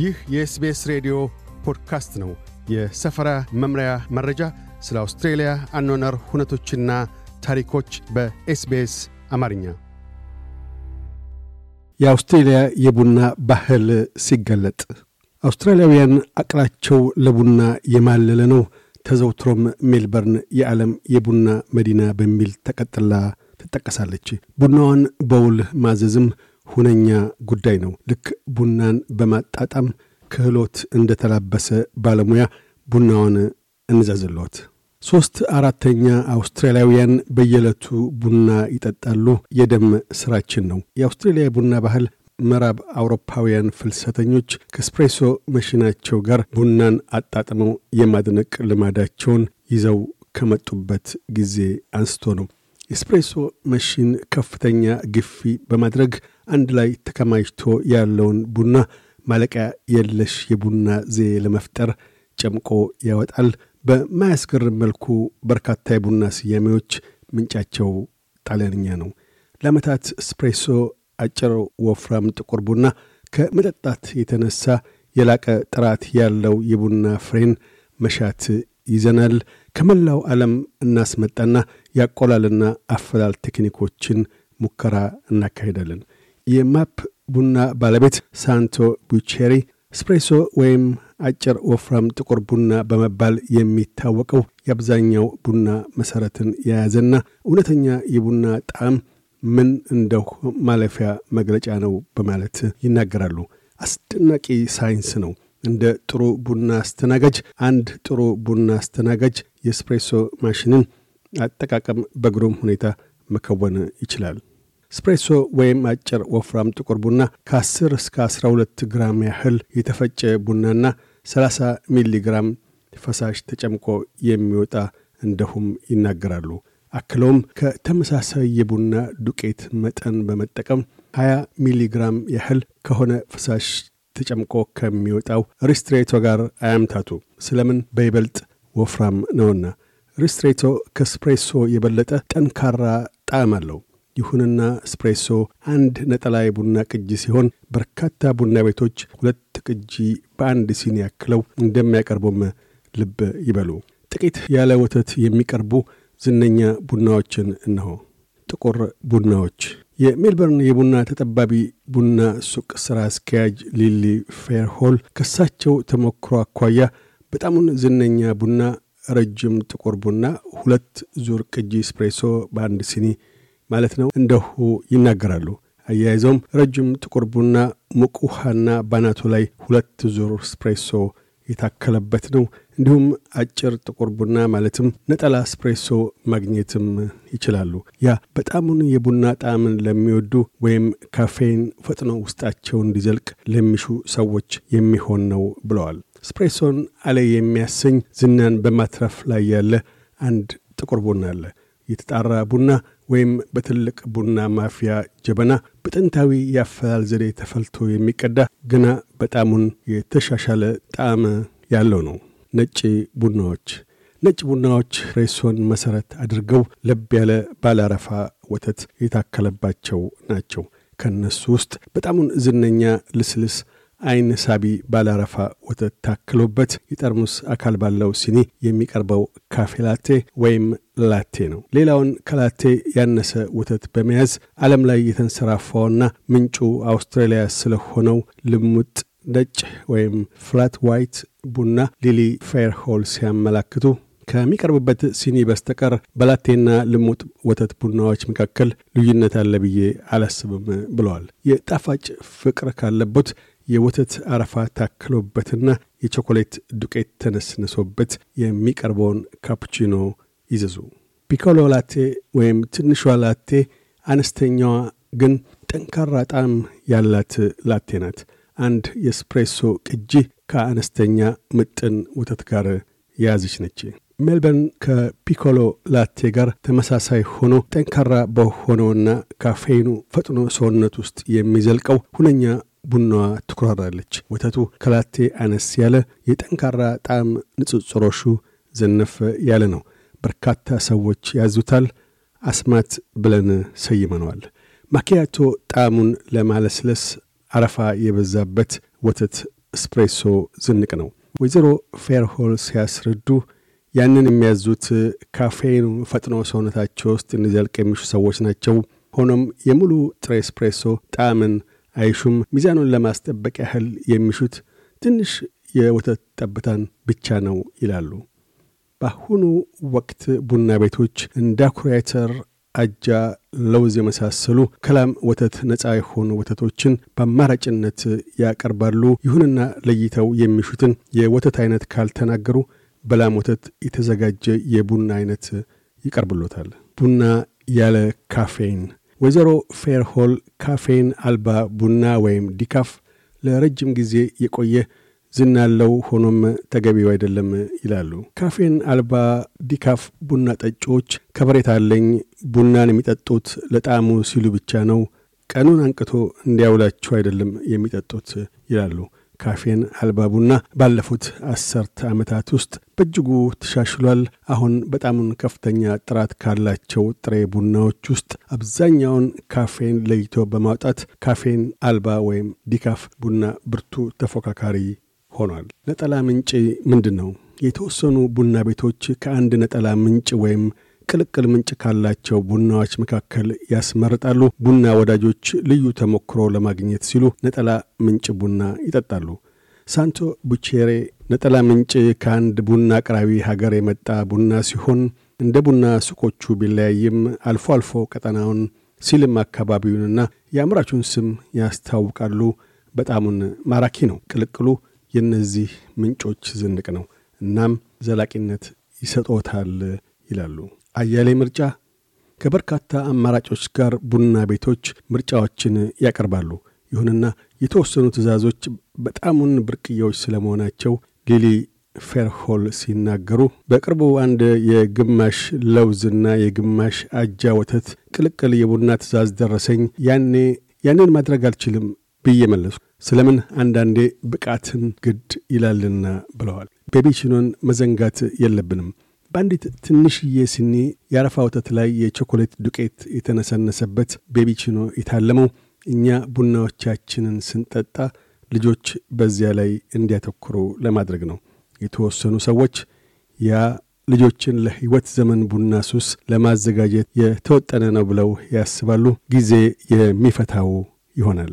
ይህ የኤስቤስ ሬዲዮ ፖድካስት ነው። የሰፈራ መምሪያ መረጃ፣ ስለ አውስትሬልያ አኗነር ሁነቶችና ታሪኮች በኤስቤስ አማርኛ። የአውስትሬልያ የቡና ባህል ሲገለጥ አውስትራሊያውያን አቅላቸው ለቡና የማለለ ነው። ተዘውትሮም ሜልበርን የዓለም የቡና መዲና በሚል ተቀጥላ ትጠቀሳለች። ቡናዋን በውል ማዘዝም ሁነኛ ጉዳይ ነው። ልክ ቡናን በማጣጣም ክህሎት እንደተላበሰ ባለሙያ ቡናውን እንዘዝሎት። ሦስት አራተኛ አውስትራሊያውያን በየዕለቱ ቡና ይጠጣሉ። የደም ሥራችን ነው። የአውስትራሊያ ቡና ባህል ምዕራብ አውሮፓውያን ፍልሰተኞች ከስፕሬሶ መሽናቸው ጋር ቡናን አጣጥመው የማድነቅ ልማዳቸውን ይዘው ከመጡበት ጊዜ አንስቶ ነው። የስፕሬሶ መሽን ከፍተኛ ግፊ በማድረግ አንድ ላይ ተከማችቶ ያለውን ቡና ማለቂያ የለሽ የቡና ዜ ለመፍጠር ጨምቆ ያወጣል። በማያስገርም መልኩ በርካታ የቡና ስያሜዎች ምንጫቸው ጣሊያንኛ ነው። ለመታት ስፕሬሶ አጭር፣ ወፍራም ጥቁር ቡና ከመጠጣት የተነሳ የላቀ ጥራት ያለው የቡና ፍሬን መሻት ይዘናል። ከመላው ዓለም እናስመጣና ያቆላልና አፈላል ቴክኒኮችን ሙከራ እናካሄዳለን። የማፕ ቡና ባለቤት ሳንቶ ቡቼሪ ስፕሬሶ ወይም አጭር ወፍራም ጥቁር ቡና በመባል የሚታወቀው የአብዛኛው ቡና መሠረትን የያዘና እውነተኛ የቡና ጣዕም ምን እንደሁ ማለፊያ መግለጫ ነው በማለት ይናገራሉ። አስደናቂ ሳይንስ ነው። እንደ ጥሩ ቡና አስተናጋጅ አንድ ጥሩ ቡና አስተናጋጅ የስፕሬሶ ማሽንን አጠቃቀም በግሩም ሁኔታ መከወን ይችላል። ስፕሬሶ ወይም አጭር ወፍራም ጥቁር ቡና ከ10 እስከ 12 ግራም ያህል የተፈጨ ቡናና 30 ሚሊ ግራም ፈሳሽ ተጨምቆ የሚወጣ እንደሁም ይናገራሉ። አክለውም ከተመሳሳይ የቡና ዱቄት መጠን በመጠቀም 20 ሚሊ ግራም ያህል ከሆነ ፈሳሽ ተጨምቆ ከሚወጣው ሪስትሬቶ ጋር አያምታቱ። ስለምን? በይበልጥ ወፍራም ነውና። ሪስትሬቶ ከስፕሬሶ የበለጠ ጠንካራ ጣዕም አለው። ይሁንና ስፕሬሶ አንድ ነጠላ የቡና ቅጂ ሲሆን በርካታ ቡና ቤቶች ሁለት ቅጂ በአንድ ሲኒ ያክለው እንደሚያቀርቡም ልብ ይበሉ። ጥቂት ያለ ወተት የሚቀርቡ ዝነኛ ቡናዎችን እነሆ። ጥቁር ቡናዎች የሜልበርን የቡና ተጠባቢ ቡና ሱቅ ሥራ አስኪያጅ ሊሊ ፌርሆል ከሳቸው ተሞክሮ አኳያ በጣሙን ዝነኛ ቡና፣ ረጅም ጥቁር ቡና፣ ሁለት ዙር ቅጂ ስፕሬሶ በአንድ ሲኒ ማለት ነው እንደሁ ይናገራሉ። አያይዘውም ረጅም ጥቁር ቡና፣ ሙቁሃና ባናቱ በአናቱ ላይ ሁለት ዙር ስፕሬሶ የታከለበት ነው። እንዲሁም አጭር ጥቁር ቡና ማለትም ነጠላ ስፕሬሶ ማግኘትም ይችላሉ። ያ በጣሙን የቡና ጣዕምን ለሚወዱ ወይም ካፌን ፈጥኖ ውስጣቸው እንዲዘልቅ ለሚሹ ሰዎች የሚሆን ነው ብለዋል። ስፕሬሶን አለ የሚያሰኝ ዝናን በማትረፍ ላይ ያለ አንድ ጥቁር ቡና አለ። የተጣራ ቡና ወይም በትልቅ ቡና ማፍያ ጀበና በጥንታዊ የአፈላል ዘዴ ተፈልቶ የሚቀዳ ግና በጣሙን የተሻሻለ ጣዕም ያለው ነው። ነጭ ቡናዎች ነጭ ቡናዎች ሬሶን መሠረት አድርገው ለብ ያለ ባላረፋ ወተት የታከለባቸው ናቸው። ከእነሱ ውስጥ በጣሙን ዝነኛ ልስልስ አይን ሳቢ ባላረፋ ወተት ታክሎበት የጠርሙስ አካል ባለው ሲኒ የሚቀርበው ካፌ ላቴ ወይም ላቴ ነው። ሌላውን ከላቴ ያነሰ ወተት በመያዝ ዓለም ላይ የተንሰራፋውና ምንጩ አውስትራሊያ ስለሆነው ልሙጥ ነጭ ወይም ፍላት ዋይት ቡና ሊሊ ፌር ሆል ሲያመላክቱ ከሚቀርብበት ሲኒ በስተቀር በላቴና ልሙጥ ወተት ቡናዎች መካከል ልዩነት አለ ብዬ አላስብም ብለዋል። የጣፋጭ ፍቅር ካለቦት የወተት አረፋ ታክሎበትና የቾኮሌት ዱቄት ተነስንሶበት የሚቀርበውን ካፑቺኖ ይዘዙ። ፒኮሎ ላቴ ወይም ትንሿ ላቴ አነስተኛዋ ግን ጠንካራ ጣዕም ያላት ላቴ ናት። አንድ የስፕሬሶ ቅጂ ከአነስተኛ ምጥን ወተት ጋር የያዘች ነች። ሜልበርን ከፒኮሎ ላቴ ጋር ተመሳሳይ ሆኖ ጠንካራ በሆነውና ካፌኑ ፈጥኖ ሰውነት ውስጥ የሚዘልቀው ሁነኛ ቡናዋ ትኩራራለች። ወተቱ ከላቴ አነስ ያለ፣ የጠንካራ ጣዕም ንጽጽሮሹ ዘነፍ ያለ ነው። በርካታ ሰዎች ያዙታል። አስማት ብለን ሰይመነዋል። ማኪያቶ ጣዕሙን ለማለስለስ አረፋ የበዛበት ወተት ስፕሬሶ ዝንቅ ነው። ወይዘሮ ፌርሆል ሲያስረዱ ያንን የሚያዙት ካፌን ፈጥኖ ሰውነታቸው ውስጥ እንዲዘልቅ የሚሹ ሰዎች ናቸው። ሆኖም የሙሉ ጥሬ ስፕሬሶ ጣምን አይሹም። ሚዛኑን ለማስጠበቅ ያህል የሚሹት ትንሽ የወተት ጠብታን ብቻ ነው ይላሉ። በአሁኑ ወቅት ቡና ቤቶች እንደ አኩሪያተር፣ አጃ፣ ለውዝ የመሳሰሉ ከላም ወተት ነፃ የሆኑ ወተቶችን በአማራጭነት ያቀርባሉ። ይሁንና ለይተው የሚሹትን የወተት አይነት ካልተናገሩ በላም ወተት የተዘጋጀ የቡና አይነት ይቀርብሎታል። ቡና ያለ ካፌን ወይዘሮ ፌርሆል ካፌን አልባ ቡና ወይም ዲካፍ ለረጅም ጊዜ የቆየ ዝናለው ሆኖም ተገቢው አይደለም ይላሉ። ካፌን አልባ ዲካፍ ቡና ጠጪዎች ከበሬት አለኝ። ቡናን የሚጠጡት ለጣዕሙ ሲሉ ብቻ ነው። ቀኑን አንቅቶ እንዲያውላቸው አይደለም የሚጠጡት ይላሉ። ካፌን አልባ ቡና ባለፉት አስርተ ዓመታት ውስጥ በእጅጉ ተሻሽሏል። አሁን በጣሙን ከፍተኛ ጥራት ካላቸው ጥሬ ቡናዎች ውስጥ አብዛኛውን ካፌን ለይቶ በማውጣት ካፌን አልባ ወይም ዲካፍ ቡና ብርቱ ተፎካካሪ ሆኗል። ነጠላ ምንጭ ምንድን ነው? የተወሰኑ ቡና ቤቶች ከአንድ ነጠላ ምንጭ ወይም ቅልቅል ምንጭ ካላቸው ቡናዎች መካከል ያስመርጣሉ። ቡና ወዳጆች ልዩ ተሞክሮ ለማግኘት ሲሉ ነጠላ ምንጭ ቡና ይጠጣሉ። ሳንቶ ቡቼሬ ነጠላ ምንጭ ከአንድ ቡና አቅራቢ ሀገር የመጣ ቡና ሲሆን እንደ ቡና ሱቆቹ ቢለያይም አልፎ አልፎ ቀጠናውን ሲልም አካባቢውንና የአምራቹን ስም ያስታውቃሉ። በጣሙን ማራኪ ነው። ቅልቅሉ የእነዚህ ምንጮች ዝንቅ ነው። እናም ዘላቂነት ይሰጦታል ይላሉ። አያሌ ምርጫ ከበርካታ አማራጮች ጋር ቡና ቤቶች ምርጫዎችን ያቀርባሉ። ይሁንና የተወሰኑ ትዕዛዞች በጣሙን ብርቅዬዎች ስለመሆናቸው ሊሊ ፌርሆል ሲናገሩ በቅርቡ አንድ የግማሽ ለውዝና የግማሽ አጃ ወተት ቅልቅል የቡና ትእዛዝ ደረሰኝ። ያኔ ያንን ማድረግ አልችልም ብዬ መለሱ። ስለምን አንዳንዴ ብቃትን ግድ ይላልና ብለዋል። ቤቢችኖን መዘንጋት የለብንም። በአንዲት ትንሽዬ ስኒ የአረፋ ወተት ላይ የቾኮሌት ዱቄት የተነሰነሰበት ቤቢችኖ የታለመው እኛ ቡናዎቻችንን ስንጠጣ ልጆች በዚያ ላይ እንዲያተኩሩ ለማድረግ ነው። የተወሰኑ ሰዎች ያ ልጆችን ለህይወት ዘመን ቡና ሱስ ለማዘጋጀት የተወጠነ ነው ብለው ያስባሉ። ጊዜ የሚፈታው ይሆናል።